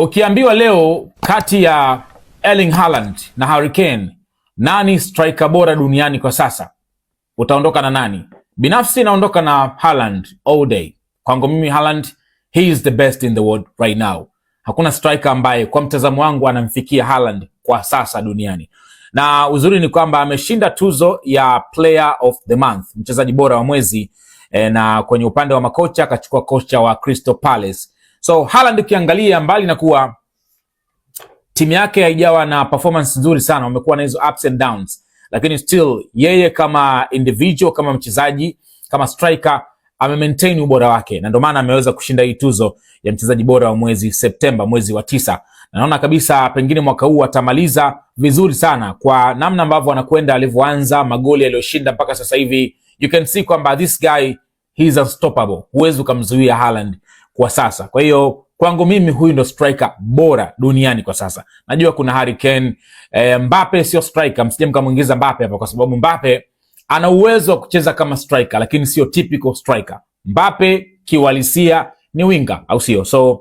Ukiambiwa leo kati ya Erling Haaland na Harry Kane nani striker bora duniani kwa sasa, utaondoka na nani? Binafsi naondoka na Haaland all day. Kwangu mimi Haaland, he is the best in the world right now. Hakuna striker ambaye kwa mtazamo wangu anamfikia Haaland kwa sasa duniani, na uzuri ni kwamba ameshinda tuzo ya player of the month, mchezaji bora wa mwezi, eh, na kwenye upande wa makocha akachukua kocha wa Crystal Palace So Haaland ukiangalia mbali na kuwa timu yake haijawa na performance nzuri sana, wamekuwa na hizo ups and downs, lakini still yeye kama individual, kama mchezaji, kama striker maintain ubora wake, na ndio maana ameweza kushinda hii tuzo ya mchezaji bora wa mwezi Septemba, mwezi wa tisa. Naona kabisa pengine mwaka huu atamaliza vizuri sana kwa namna ambavyo anakwenda, alivyoanza, magoli aliyoshinda mpaka sasa hivi, you can see kwamba this guy he is unstoppable, huwezi ukamzuia Haaland kwa sasa. Kwa hiyo kwangu mimi huyu ndo striker bora duniani kwa sasa. Najua kuna Harry Kane, e, Mbappe sio striker, msije mkamuingiza Mbappe hapa kwa sababu Mbappe ana uwezo wa kucheza kama striker lakini sio typical striker. Mbappe kiwalisia ni winga, au sio? So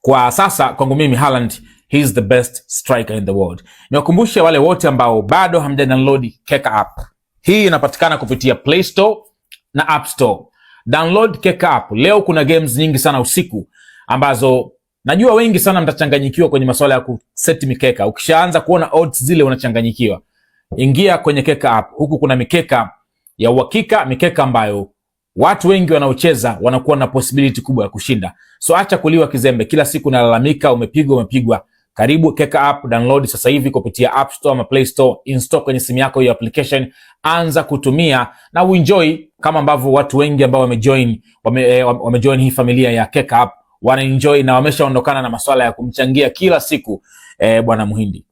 kwa sasa kwangu mimi Haaland he is the best striker in the world. Niwakumbushe wale wote ambao bado hamja download Keka app. Hii inapatikana kupitia Play Store na App Store. Download App. Leo kuna games nyingi sana usiku ambazo najua wengi sana mtachanganyikiwa kwenye masuala ya kuseti mikeka. Ukishaanza kuona odds zile unachanganyikiwa. Ingia kwenye Keka App. Huku kuna mikeka ya uhakika, mikeka ambayo watu wengi wanaocheza wanakuwa na possibility kubwa ya kushinda. So acha kuliwa kizembe, kila siku nalalamika, umepigwa umepigwa. Karibu Keka app, download sasa hivi kupitia App Store ama Play Store, install kwenye simu yako hiyo application, anza kutumia na uenjoy kama ambavyo watu wengi ambao wamejoin wame, eh, wamejoin hii familia ya Keka app wanaenjoy na wameshaondokana na maswala ya kumchangia kila siku eh, Bwana Muhindi.